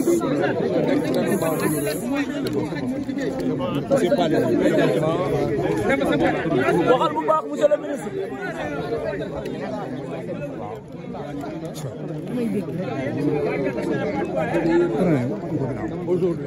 waxal bu baax monsieur le ministre. aujourd'hui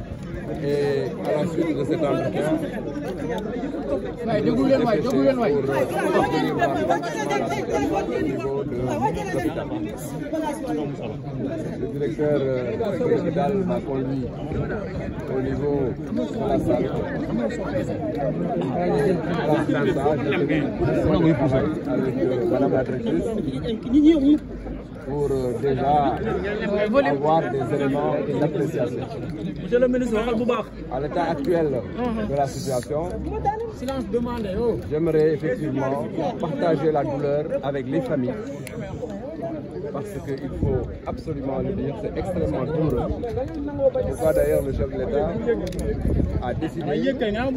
et à la suite de cet entretien waay déglu leen waay déglu leen waay le directeur médical m'a conduit au niveau de la salle avec euh, madame la directrice pour euh, déjà avoir des éléments et l'appréciation. Monsieur à l'état actuel de la situation, j'aimerais effectivement partager la douleur avec les familles parce qu'il faut absolument le dire, c'est extrêmement douloureux. Pourquoi d'ailleurs le chef de l'État a décidé la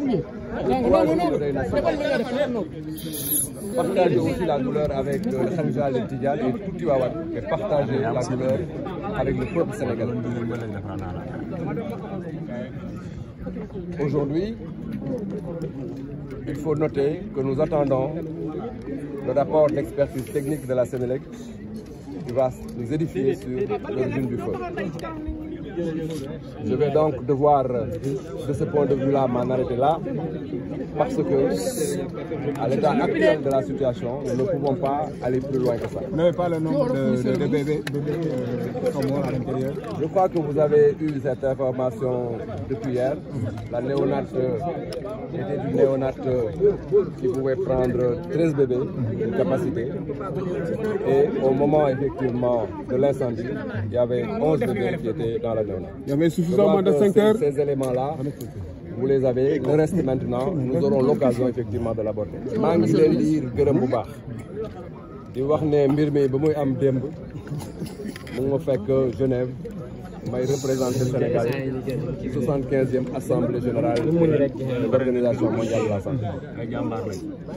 douleur avec euh, le Khalifa de Tidjal et tout Tiwawan, mais partager la douleur avec le peuple sénégalais. Aujourd'hui, il faut noter que nous attendons le rapport d'expertise technique de la Sénélec qui va nous édifier sur l'origine du feu. Je vais donc devoir, de ce point de vue-là, m'en là, parce que, à l'état actuel de la situation, nous ne pouvons pas aller plus loin que ça. Euh, Je crois que vous avez eu cette information depuis hier. La néonate qui pouvait prendre 13 bébés de capacité. Et au moment, effectivement, de l'incendie, il y avait 11 bébés qui étaient dans la Il y avait suffisamment de 5 heures. Ces, ces éléments-là, vous les avez. Le reste maintenant, nous aurons l'occasion effectivement de l'aborder. maa ngi leen di gërëm bu baax di wax ne mbir mi ba muy am démb mu ngi ma fekk Genève. may représenté Sénégal ci soixante quinzième assemblée générale de l'organisation mondiale de la santé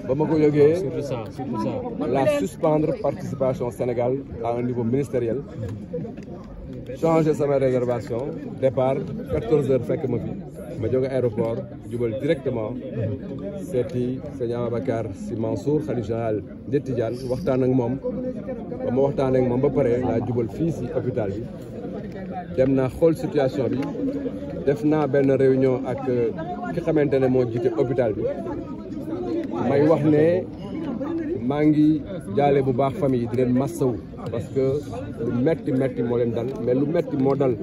ba ma ko yëgee la suspendre participation Sénégal a un niveau ministériel changer sama réservation départ quatorze heures fekk ma fi ma jóge aéroport jubal directement seeti sëñ Ababacar Sy Mansour xalifa général des Tidianes waxtaan ak moom ba ma waxtaan moom ba pare laa jubal fii si hôpital bi dem naa xool situation bi def naa benn réunion ak euh, ki xamante ne moo jiite hôpital bi may wax ne maa ngi jaale bu baax famille yi di leen massawu parce que lu metti metti moo leen dal mais lu metti moo dal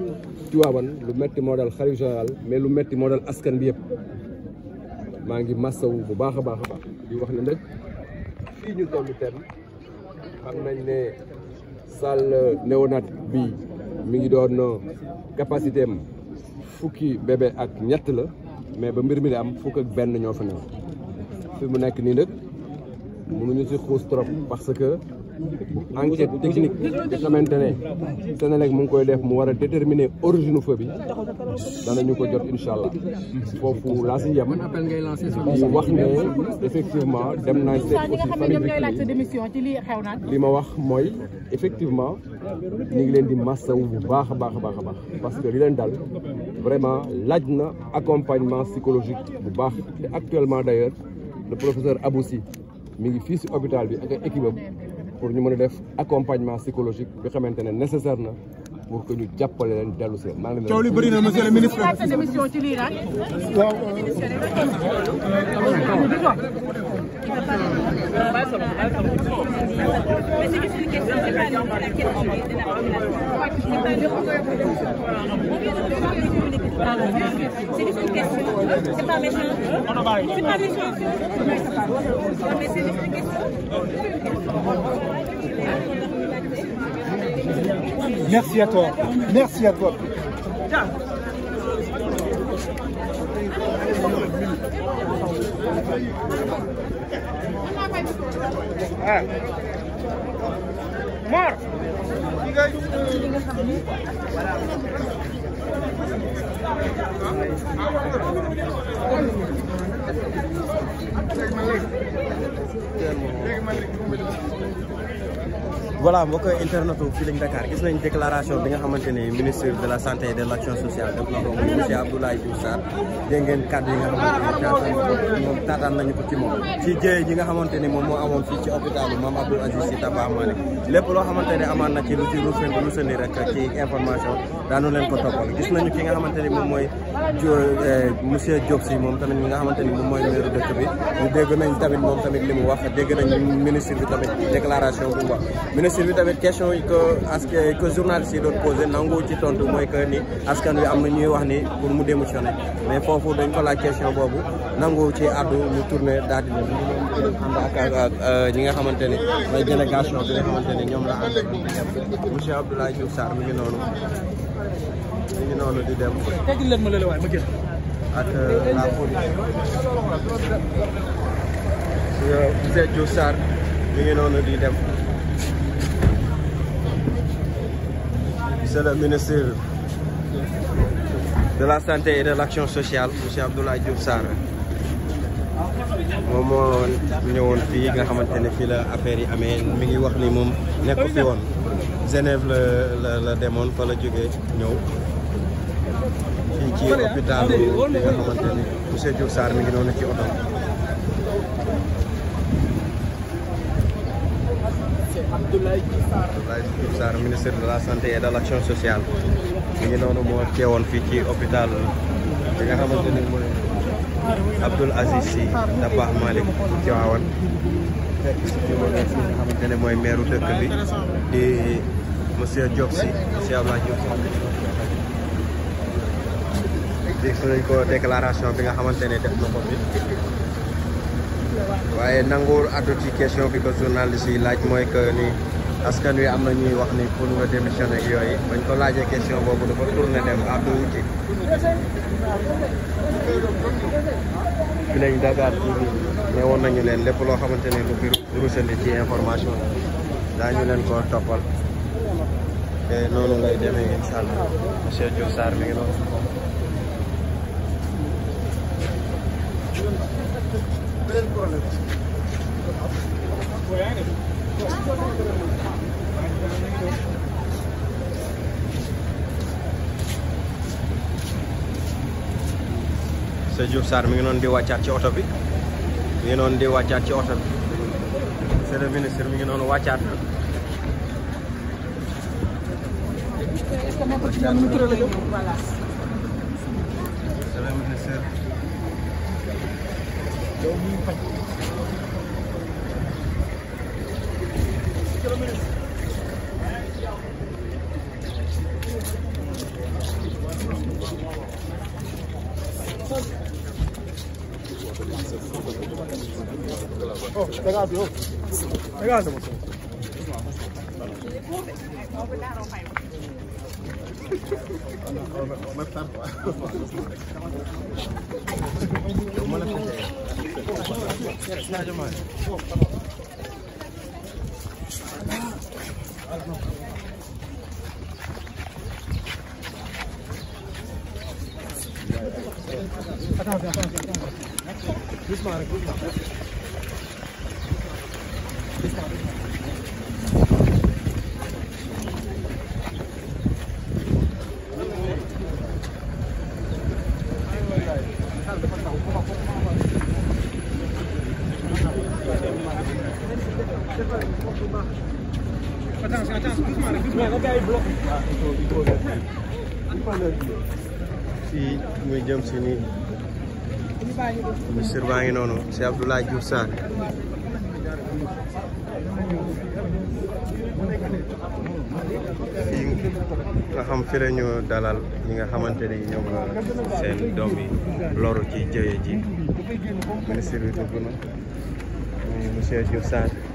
Tiwaawan lu metti moo dal xalifa général mais lu metti moo dal askan bi yëpp maa ngi massawu bu baax a baax a baax wax ne nag fii ñu tollu terme xam ne salle néonat bi mi ngi doon capacité am fukki bébé ak ñett la mais ba mbir mi di am fukk ak benn ñoo fa ñëw fi mu nekk nii nag. mënuñu si xuus trop parce que enquête technique nga xamante ne Sénélec mu ngi koy def mu war a déterminer origine feu bi danañu ko jot incha allah foofu laa si yem di wax ne effectivement dem naa seet aussi famille bi li ma wax mooy effectivement ñu ngi leen di massawu bu baax a baax a baax a baax parce que li leen dal vraiment laaj na accompagnement psychologique bu baax te actuellement d'ailleurs le professeur Aboussi mi ngi fii si hôpital bi ak ay équipe am pour ñu mën a def accompagnement psychologique bi xamante ne nécessaire na pour que ñu jàppale leen dellu seen. maa ngi leen coow li bëri na monsieur le ministre. waaw. Thank euh, you. Euh, C'est juste une question. C'est pas méchant. C'est pas méchant. Mais c'est juste une question. Merci à toi. Merci à toi. Ah. Mort. léegi man léegi voilà mbokk internetu Feeling Dakar gis nañ déclaration nga xamante ni ministre de la santé et de l' nga xamante ni moom taataan nañu ko moom ci jëye nga xamante moom moo amoon fii ci hôpital Mame Abdou loo xamante ni amaan na ci lu ci ruusen lu seni ki nga xamante ni moom mooy eh, monsieur Diop Sy moom tamit mi nga xamante ni moom mooy maire dëkk bi dégg nañ tamit moom tamit li wax dégg nañ ministre bi tamit déclaration bu mu ministre bi tamit question yi que aske que journaliste yi doon nangu ci tontu mooy que ni askan wi am na ñuy wax ni pour mu démissionner mais foofu dañ ko laaj question boobu nangu ci àddu mu tourné daal di leen ànd ak euh, ñi nga xamante ne mooy délégation bi nga xamante ne ñoom la ànd monsieur Abdoulaye mu Sarr mi ngi noonu mi di dem ak euh, la police monsieur Diouf Sarr mi ngi noonu di dem Monsieur le ministre de la santé et de l'action sociale monsieur Abdoulaye Diouf Sarr moom moo ñëwoon fii nga xamante ne fii la affaire yi amee mi ngi wax ni moom nekk fi woon Genève la la la demoon fa la jógee ñëw fii ci hôpital bi nga xamante ni monsieur Diouf Sarr mi ngi noonu ci oto Abdoulaye Diouf Sarr ministre de la santé et de l' action sociale mi noonu moo teewoon fii ci hôpital bi nga xamante ne mooy Abdoul Aziz Sy Dabakh Malick Tivaouane si fi nga xamante ne mooy maire dëkk bi di monsieur Diop Sy monsieur Abdoulaye Diop bi nga xamante ne def na fi waaye nanguwul addu ci question bi ko journaliste yi laaj mooy que ni askan wi am na ñuy wax ni pour nga démissionner ak yooyu bañ ko laajee question boobu dafa tourné dem addu wuti bi lañ Dakar TV ne woon nañu leen lépp loo xamante ne lu fi rusandi ci information daañu leen ko toppal te noonu lay demee incha allah monsieur Diouf Sarr beneen problème. Sëñ mi ngi noonu di wàccaat ci oto bi mi ngi noonu di wàccaat ci oto bi monsieur le ministre mi ngi noonu wàccaat yow miy faj Oh, da gab es. Da gab es aber so. ما بتعرفوا Sadio Mané Attention, attention, attention. Doucement rek, doucement. Attention, attention, muy jëm si nii. monsieur baa ngi noonu si Abdoulaye Diouf Sarr. fii nga xam fi la dalal nga xamante ni ñoom seen doom yi loru ci jëye ji ministre bi dugg na monsieur Diouf Sarr.